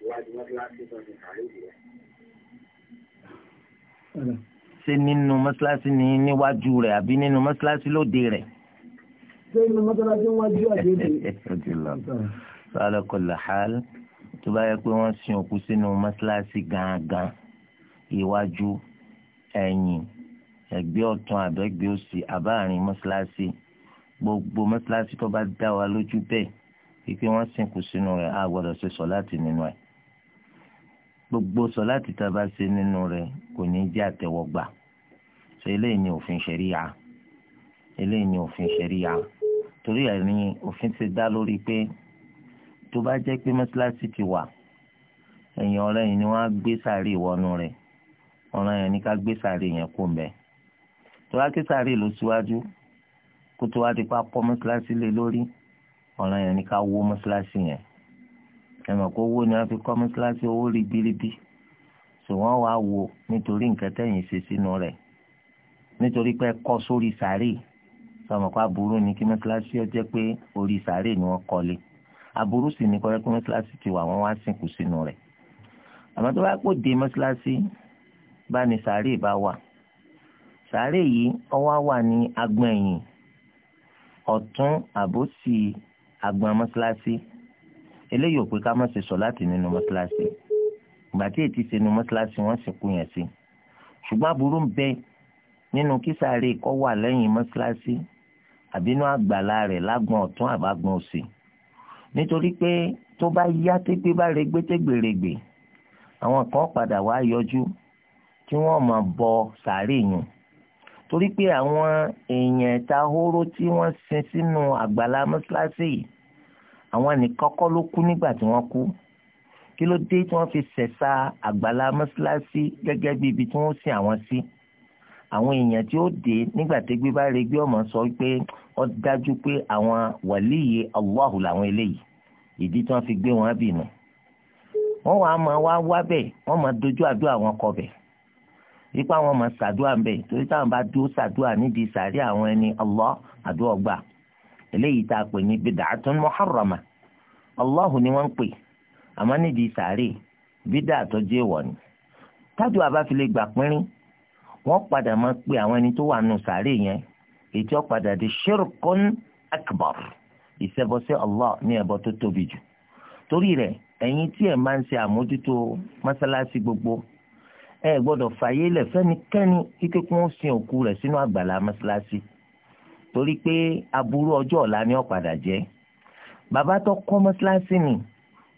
níwájú mọ́ṣáláṣí tó ti sáré ìdílẹ̀ ṣe nínú mọ́ṣáláṣí ní níwájú rẹ̀ àbí nínú mọ́ṣáláṣí lóde rẹ̀ sẹ́yìn mọ́tàlájú wájú àdéhùn. ó ti lọ sọ́ọ́lọ́ kò là hàl tó bá yẹ pé wọ́n sin òkú sínú mọ́ṣáláṣí gangan iwájú ẹ̀yìn ẹ̀gbẹ́ ọ̀tún àbẹ́gbẹ́ òsì àbáàrin mọ́ṣáláṣí gbogbo mọ́ṣáláṣí tó bá dá wa lójú bẹ́ẹ̀ pípé wọ́n sìnkú sínú rẹ̀ á gbọ́dọ̀ ṣe sọ láti nínú ẹ̀ gbogbo sọ láti tá a bá ṣe nínú rẹ̀ kò ní jẹ́ àtẹ́wọ́gbà ṣe eléyìí ni òfin ṣẹ̀ríyà eléyìí ni òfin ṣẹ̀ríya torí ẹ̀ ni òfin ti dá lórí pé tó bá jẹ́ pé mọ́ṣáláṣí ti wà ẹ̀yìn ọ̀rẹ́ yìí ni wọ́n á gbé sàárè wọnú rẹ̀ ọ̀ràn yẹn ni ká gbé sàárè yẹn kó mbẹ́ tó bá ké sàárè ló síwájú kó tó wá di pa kọ́ mọ́ṣáláṣí lé lórí ọ̀ràn yẹn ni ká wó mọ́ṣáláṣí yẹn ẹ̀mọ̀ kó wó ni wọ́n fi kọ́ mọ́ṣáláṣí owó ribiribi sò wọ́n wá wo nítorí nǹkan tẹ̀yìn ṣe sínú rẹ̀ nítorí pé kọ́ sórí sàárè yìí sọmọ kó aburú ni kí mọ́sálásí ọ pé orí sàárè ni wọ́n kọ́lé aburú sì ni kọ́lé kí mọ́sálásí ti wà wọ́n wá sìnkú sínú rẹ̀ àmọ́ tó bá pò dé mọ́sálásí bá ní sàárè bá wà sàárè yìí ọwọ́ wà ní agbọ̀n ẹ̀yìn ọ̀tún àbòsí agbọ̀n mọ́sálásí eléyìí ò pé ká má ṣe sọ láti nínú mọ́sálásí ìgbà tí ètí ṣe nínú mọ́sálásí wọ́n sì kú yẹn sí ṣùgbọ́n aburú ń bẹ nínú kí sàárè kọ́ wà lẹ́yìn mọ́sálásí àbínú àgbàlá rẹ̀ lágbọ̀n ọ̀tún àbágbọ̀n òsì nítorí pé tó bá yá tégbé bá regbé tégbèrègbè àwọn kan padà wá yọjú tí wọ́n máa bọ sàárè yùn torí pé àwọn èèyàn ta hóró tí wọ́n sin sínú àgbàlá mọ́ṣáláṣí yìí àwọn nìkan kọ́ ló kú nígbà tí wọ́n kú kí ló dé tí wọ́n fi ṣẹ̀ṣà àgbàlá mọ́ṣáláṣí gẹ́gẹ́ bí ibi tí wọ́n sin àwọn sí. Si àwọn èèyàn tí ó dé nígbà tí gbé bá regbé ọmọ sọ pé ó dájú pé àwọn wàlíyé Allahu làwọn eléyìí ìdí tí wọ́n fi gbé wọn bì nù wọ́n wàá máa wá wá bẹ́ẹ̀ wọ́n máa dojú àdúrà wọn kọ bẹ́ẹ̀ ipa wọn máa ṣàdúrà ń bẹ̀ torí táwọn bá dúró ṣàdúrà nídìí sàárì àwọn ẹni Allah àdúrà gbà eléyìí tá a pè ní bid'atun muharrama Allahu ni wọ́n ń pè àmọ́ nídìí sàárì bídà tó jẹ́ wọ̀ ni tájú àbáfilẹ̀ gbà pínrín wọ́n padà máa pe àwọn ẹni tó wà nù sàárè yẹn èyí tí wọ́n padà di shirkun akbar ìṣẹbọ sí Allah ní ẹbọ tó tóbi jù torí rẹ̀ ẹ̀yin tí ẹ máa ń ṣe àmójútó mọ́sálásí gbogbo ẹ gbọ́dọ̀ fàyè lẹ̀ fẹ́nikẹ́ni kíkẹ kí wọ́n sin òkú rẹ̀ sínú àgbàlá mọ́sálásí torí pé aburú ọjọ́ ọ̀la ni ó padà jẹ́ bàbá tó kọ́ mọ́sálásí ni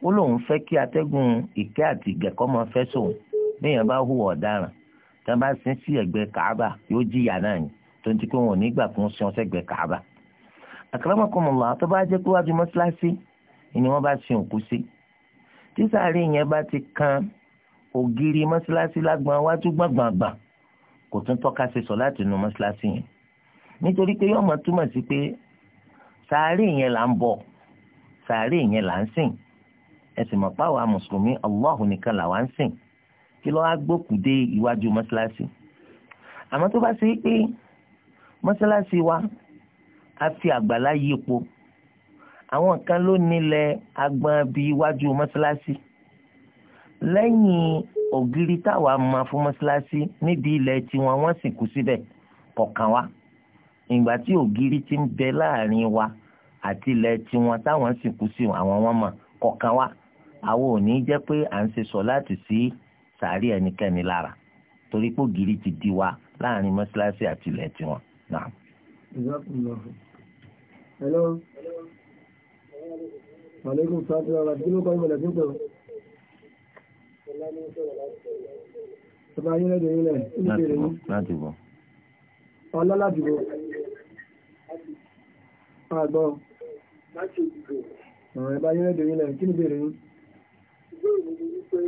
ó lóun fẹ́ kí atẹ́gùn ìkẹ́ àti ìgẹ̀kọ́ máa fẹ́ sóun bí èèyàn bá hùwà ọ̀daràn tí wọ́n bá sin sí ẹ̀gbẹ́ kàába yóò jìyà náà ni tó ń ti pé wọn ò ní gbà fún sin ọ̀sẹ̀gbẹ́ kàába. àkàràmọ̀kọ́mọ̀lá tó bá jẹ́ pé wájú mọ́ṣáláṣí ni wọ́n bá sin òkú sí tí sàárè yẹn bá ti kan ògiri mọ́ṣáláṣí lágbọ̀n wájú gbọ̀ngbọ̀ngbọ̀n kò tún tọ́ka ṣe sọ láti nu mọ́ṣáláṣí yẹn nítorí pé yọ́mọ túmọ̀ sí pé sàárè yẹn là ń bọ̀ sàárè yẹn là ń sìn ẹ̀sìn mọ̀páwá mùsùlùmí Allahu nìkan làwa ń kí ló wá gbókù dé iwájú mọ́ṣáláṣí àmọ́ tó bá ṣe pé mọ́ṣáláṣí wa a fi àgbàlá yípo àwọn kan ló nílẹ̀ agbọn bí iwájú mọ́ṣáláṣí lẹ́yìn ògiri táwa máa fún mọ́ṣáláṣí níbi ilẹ̀ tiwọn wọ́n sì kú síbẹ̀ kọ̀ọ̀kan wa ìgbà tí ògiri ti ń bẹ láàrin wa àti ilẹ̀ tiwọn táwọn sì kú sí àwọn wọn mọ̀ kọ̀ọ̀kan wa àwọn ò ní jẹ́ pé à ń ṣe sọ láti sí. Si sàárì ẹnikẹ́ni lára torí pé ògiri ti di wa láàrin mọ́ṣáláṣí àti ilẹ̀ tiwọn. hello. maaleykum salaam wa rahmatulahi wa barakatuh. Ọba ayélujára ilẹ̀ ìbéèrè yìí. Láti bọ̀. Ọlá láti bọ̀. Àgbọ̀. Ọ̀rọ̀ ẹ̀bá ayélujára ilẹ̀ kí ni ìbéèrè yìí? ìbéèrè mi pé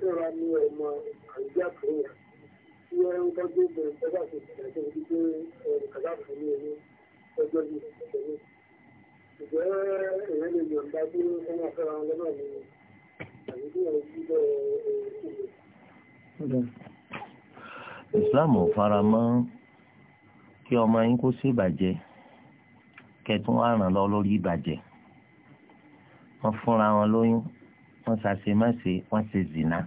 ṣọ́ra ní ọmọ àìjá kan tí ẹ ń tọ́jú ìbẹ̀rẹ̀ sọ́dà tó ti dàgbé ibi pé ẹ̀rù fún mi ní ọjọ́ yìí ìṣẹ̀lẹ̀ mi. Ìjẹ́ èèyàn lè yọ̀ǹda bí ọmọ afẹ́ra wọn lọ́nà ni àbí bí wọ́n ti bẹ̀ ẹ̀ Islam ò fara mọ́ kí ọmọ yín kó ṣèbàjẹ́ kẹtùn àràn lọ lórí ìbàjẹ́ wọ́n fúnra wọn lóyún wọ́n ṣàṣemáṣe wọ́n ṣe zìnà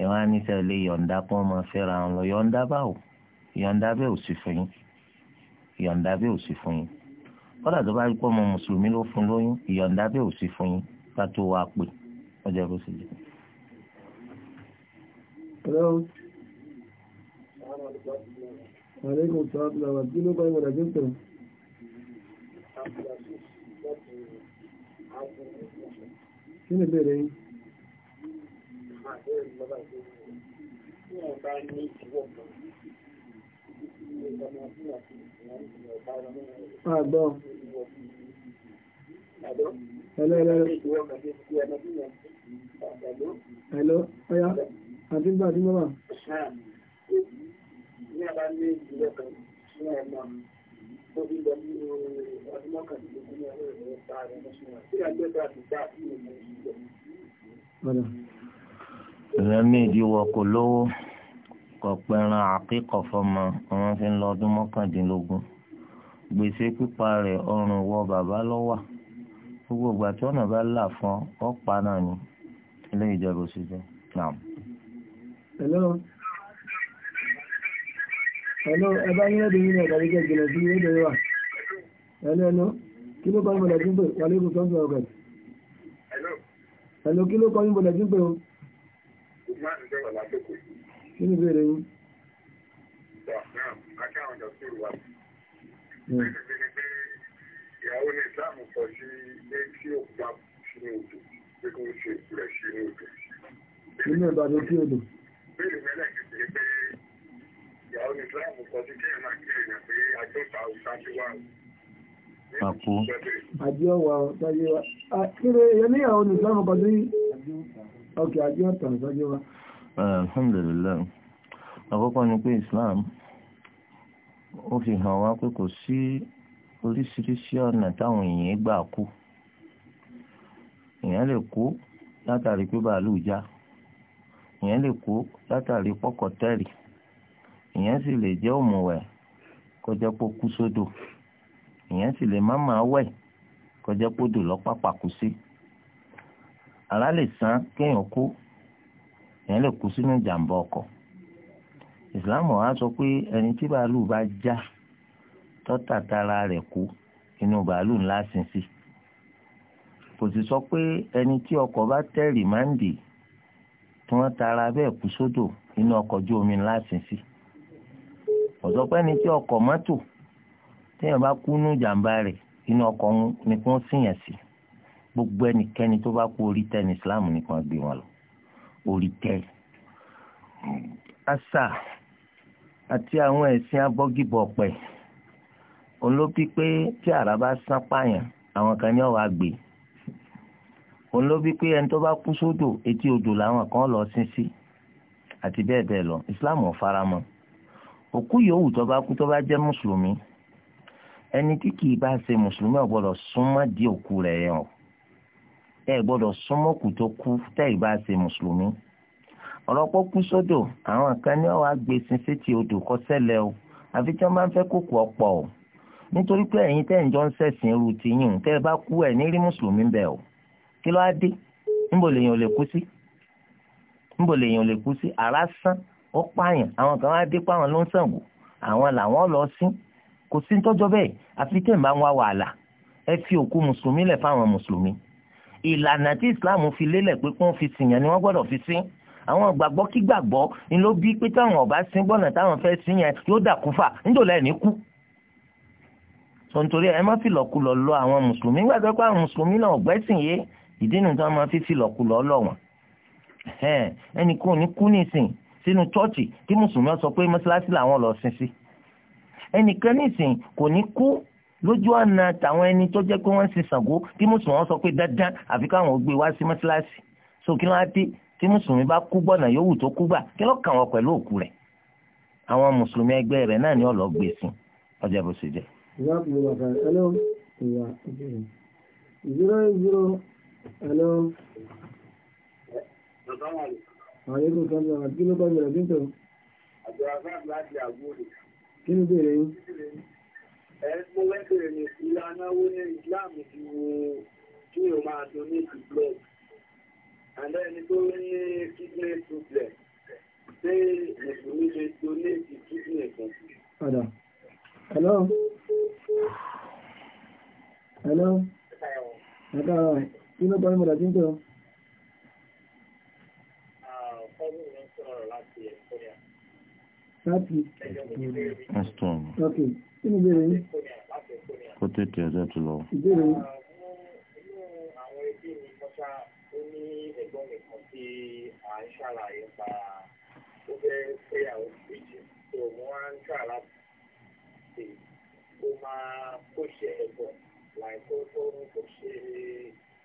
ẹ wá ní sẹ́ lè yọ̀ǹda kó ọmọ fẹ́ra wọn lọ yọ̀ǹda báwo yọ̀ǹda bẹ́ẹ̀ ò sí fún yín yọ̀ǹda bẹ́ẹ̀ ò sí fún yín kọ́dà tó bá rí pé ọmọ mùsùlùmí ló fún lóyún ìyọ̀ǹda bẹ́ẹ̀ ò sí fún yín ká tó wá pé ọjọ́ bó ṣe jẹ́. Àlékún sọ́ọ́tù kí ni ìbéèrè yìí. Àgbọ̀. Ah, hello, hello. Hello, ọya, àti gbà tí mọ́ wà. Ní àbá ní ìjìnlẹ̀ kan, ní ẹ̀mọ́ tó fi lọ nínú ọdún mọ́kànlélógún ní ọwọ́ ìwé ta rẹ̀ lọ́sùn àti àgbẹ̀dá ti dá sí ìlú ìjọ. ìrẹ́mí ìdíwọ́ kò lówó kò pẹran àkíkọ̀ fọmọ ọmọ fi ń lọ ọdún mọ́kàndínlógún gbèsè pípa rẹ̀ ọrùn wọ bàbá lọ́wà gbogbo ìgbà tí ọ̀nà bá là fún ọ náà ni ilé ìjọba òṣìṣẹ́ náà. Hello, ẹ bá ní ẹ̀dùn yìí ní ọ̀dà gẹ́gẹ́ jìnà sí ẹ̀dọ̀ yìí wà. Hello, hello, kí ló kọ́ ìbọ̀lẹ̀ tún pè? Wà lóko sọ́ńtò ọ̀gẹ̀. Hello, kí ló kọ́ ìbọ̀lẹ̀ tún pè o? Kí ni ìbéèrè yín? Ìyàwó ní ìsáàmù pọ̀ sí ilé tí ó pa sínú odò, pé kó ṣe ìpìlẹ̀ sínú odò. Nínú ìbàdàn tí odò. Bẹ́ẹ̀ni mẹ́lẹ̀ kìí pé ìyàwó ní islam kọ sí kí ẹ máa kí ẹ̀yàn pé àjọta òòsà ti wà. Àpò. Àjọ wà sọ́jọ́ wa. Kíre èyàn ní ìyàwó islam kọ sí. Ok, àjọ tàn sọ́jọ́ wa. Alhamdulilayi, àkọ́kọ́ ni pé Islam ó fi hàn wá pé kò sí oríṣiríṣi ọ̀nà táwọn èèyàn gbà kú. Èèyàn lè kú látàrí pé bàálù já. Èèyàn lè kú látàrí pọ́kọ̀tẹ́rì ìyẹn sì lè jẹ́ òmùwẹ̀ kó jẹ́ pé ó kú sódò ìyẹn sì lè má máa wẹ̀ kó jẹ́ pé ó dò lọ́pàpà kú sí. ara lè san kéèyàn kú èèyàn lè kú sínú ìjàmbá ọkọ̀ islam wa sọ pé ẹni tí bàálù bá já tọ́tàtara rẹ̀ kú inú bàálù ńlá sin sí kò sì sọ pé ẹni tí ọkọ̀ bá tẹ̀rì máa tí wọ́n tara bẹ́ẹ̀ kú sódò inú ọkọ̀ ojú omi ńlá sin sí. Si ọ̀sọ́ pé ẹni tí ọkọ̀ mọ́tò téèyàn bá kú nù jàǹbá rẹ̀ inú ọkọ̀ ni wọ́n sìyàn sí gbogbo ẹnikẹ́ni tó bá kú orí tẹ́ ní Islam nìkan gbé wọn lọ orí tẹ́ àṣà àti àwọn ẹ̀sìn abọ́gibọ̀ ọ̀pẹ òun ló bí pé tí àrà bá sán pààyàn àwọn kan ní ọ̀wá gbé òun ló bí pé ẹni tó bá kú sódò etí odò làwọn kan lọ sin sí àti bẹ́ẹ̀ bẹ́ẹ̀ lọ Islam ò faramọ́ òkú yòówù tó bá kú tó bá jẹ́ mùsùlùmí ẹni tí kì í bá ṣe mùsùlùmí ò gbọ́dọ̀ súnmọ́ di òkú rẹ̀ yẹn o ẹ gbọ́dọ̀ súnmọ́ kù tó kú tẹ́ ì bá ṣe mùsùlùmí ọ̀rọ̀pọ̀ kú sódò àwọn kan ní ọ̀wá gbé sin sétí odò kọ́ sẹ́lẹ̀ o àfi tí wọ́n bá ń fẹ́ kókò ọ̀pọ̀ o nítorí pé ẹ̀yin tẹ́ ẹ̀ ń jọ ń ṣẹ̀sìn irú ti yín tẹ́ ẹ bá kú ẹ̀ ní rí mùsùlùmí bẹ́ẹ̀ o kí ló á dé níbo lèèyàn lè kú sí níbo lèèyàn lè kú sí àrá sán ó pààyàn àwọn kan wá dé pa àwọn ló ń Ṣàngó àwọn làwọn lọ sí kò sí tọ́jọ́ bẹ́ẹ̀ àfi tẹ̀ ń bá wa wàhálà ẹ fi òkú mùsùlùmí lẹ̀ fáwọn mùsùlùmí ìlànà tí Islam fi lélẹ̀ pé kí fi sìyàn ni wọ́n gbọ́dọ̀ fi sí àwọn gbàgbọ́ kí gbàgbọ́ ni ló bí pé táwọn ọ̀bá sí gbọ́nà táwọn fẹ́ sí yẹn yóò dàkú fà níjòlá ẹ̀ ní kú. sọ̀ntorí ẹ má fìlọ̀kulọ̀ lọ àwọn mùsùlùmí gbàgbọ́ pé àwọn mùsùlùmí náà ọ̀gbẹ́sìn yé ìdí nu máa fi fìlọ̀kulọ̀ lọ wọ́n. ẹnì kan ò ní kú nísìn sínú chọ́ọ̀chì kí mùsùlùmí sọ pé mọ́ṣáláṣí làwọn lọ sin sí ẹnìkan nísìn kò ní kú lójú ọ̀nà tàwọn ẹni tó jẹ́ pé wọ́n ń sin Ṣàngó kí mùsùlùmí sọ pé dandan àfi káwọn ò gbé wá sí mọ́ṣáláṣí so kí ló á dé tí mùsùlùmí bá kú gbọ́nà yòówù tó kú gbà kí ló kàn wọ́n pẹ̀lú òkú rẹ̀ àwọn mùsùlùmí ẹgbẹ́ rẹ̀ náà ni ọ̀lọ́ gbé e sí ọjà bó ṣe jẹ́. zero zero hello. Àríkùn kan lọ kí ló kọ́jú rẹ̀ píntọ̀? Àbúráfáàbù láti àgbòrò. Kí ló bèèrè yín? Ẹ mú wẹ́bẹ̀rẹ̀ ní ìlànà owó ní Ìsìláàmù ti wo kí o máa tó ní ìbúlọ̀. Àlẹ́ ẹni tó ní kidney problem ṣé Mùsùlùmí lè tó ní kidney kan? Padà. Hello. Hello. Hello. Kí ló kọ́jú rẹ̀ píntọ̀? Sáàtì. Aston. Ok. Kí ni ìbéèrè yín? Kó tètè ọjọ́ tó lọ. Ìbéèrè yín. Àwọn ẹbí mi kọ́ta ó ní ẹ̀gbọ́n mi kan tí à ń ṣàlàyé pa ó fẹ́ fẹ́yàwó méjì tó mọ́ wá ń kà láti ó máa kó ṣe ẹ̀gbọ́n láìpẹ́ tó ń kó ṣe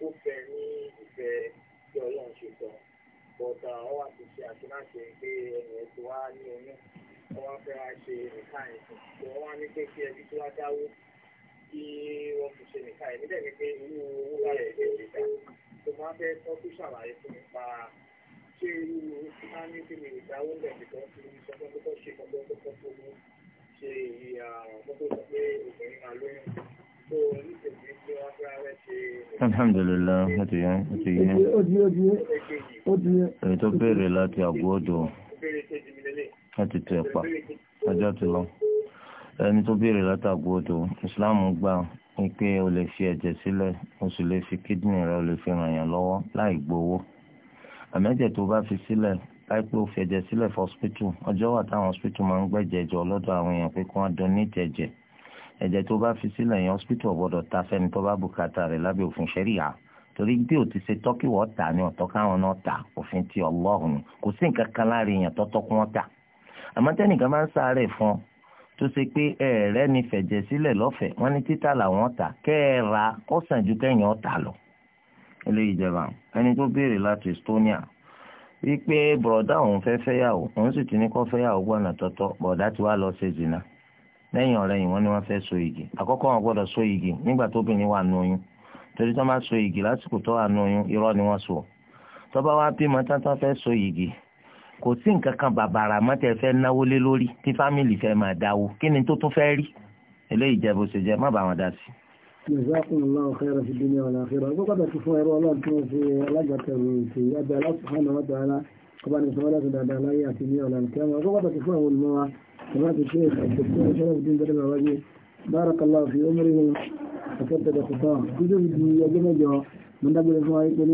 ó fẹ́ ní ìfẹ́ tí Ọlọ́run ṣe tán. Bọ̀dà ọ̀ àti ṣe àṣemáṣe pé ẹni ẹ̀ ti wá ní oyún wọ́n fẹ́ wá ṣe nìkan ẹ̀sìn wọ́n wá ní pé kí ẹbí tí wọ́n dáwó kí wọ́n fi ṣe nìkan ẹ̀mí dẹ̀ ni pé irú owó lára ẹ̀jẹ̀ ìta tó máa fẹ́ tọ́ tó ṣàlàyé fún mi pa ṣé irú máa ní kí mi ìdáwó lẹ̀ nìkan fi sọ fún kókó ṣe kọ́kọ́ kókó tó mú ṣe èyí àkókò sọ pé obìnrin máa lóyún tó oníṣègùn tí alhamdulillah ó ti yẹ ó ti yẹ ó ti yẹ èyí tó béèrè láti àgbò wọ́n ti tẹ̀ pa ọjọ́ ti lọ. ẹni tó béèrè látàgbò odò ìsìláàmù gbà ní pé o lè fi ẹ̀jẹ̀ sílẹ̀ o sì lè fi kídìnrín rẹ o lè fi ràn yàn lọ́wọ́ láì gbowó. àmẹ́jẹ̀ tó bá fi sílẹ̀ láìpẹ́ o fi ẹ̀jẹ̀ sílẹ̀ fún hospital ọjọ́ wà táwọn hospital máa ń gbẹ̀jẹ̀ jọ lọ́dọ̀ àwọn èèyàn pé kí wọ́n donate ẹ̀jẹ̀ ẹ̀jẹ̀ tó bá fi sílẹ̀ yẹn hospital ọ̀gbọ́dọ̀ ta fẹ́ni tó bá bùkátà rẹ̀ lábẹ́ òfin ṣẹ́ríyà torí bí o ti ṣe tọ́kì wọ́n ta ni ọ̀tọ́ káwọn náà ta òfin ti ọlọ́run kò sí nǹkan kan láàrin èèyàn tọ́tọ́ kún wọ́n ta. àmọ́ tẹ́nìkan máa ń sáré fún ọ tó ṣe pé ẹ̀ẹ́rẹ́ ni fẹ̀jẹ̀ sílẹ̀ lọ́fẹ̀ẹ́ títà làwọn tà kẹ́ẹ̀ra ó sàn ju kẹ́yìn ọ̀tà lọ. eléyìí jẹba ẹni tó béèrè Estonia wípé bọ̀dá òun fẹ́ fẹ́yàwó òun sì ti ní kó fẹ́yàwó gbọ́nà tọ́tọ́ bọ̀dá ti wá lọ ṣe zina lẹ́yìn ọ̀rẹ́ yìí wọ́n ní so igi àkọ́kọ́ wọn gbọ́dọ̀ so igi nígbà tóbìnrin wà nù oyún torí tó so igi lásìkò tó wà nù oyún irọ́ ni so bá wá bímọ tán so igi kò sí nǹkan kan bàbàrà mọ́tẹ́ fẹ́ náwó lé lórí tí fámìlì fẹ́ máa dáwó kí ni tó tún fẹ́ rí eléyìí jẹ́ bó ṣe jẹ́ má bà wọn dá sí. Jazakumullahu khairan fid dunya wal akhirah. Gbogbo pàtàkì fún ẹrú ọlọ́run tí wọ́n ṣe alágbàtẹ̀rù ìṣe ìyájọ́ Allah subhanahu wa ta'ala kọba ní dáadáa láyé àti ní ọ̀la nìkan. Gbogbo pàtàkì fún àwọn olùmọ́wa kọba ti ṣe àgbẹ̀kọ́ Sharafuddin Gbadebo wáyé. Barakallahu fi umrihi akẹ́tẹ̀dẹ̀ kọ̀tọ̀. Gbogbo ìdí ọjọ́ mẹ́jọ, mo dágbére fún wa yí pé ní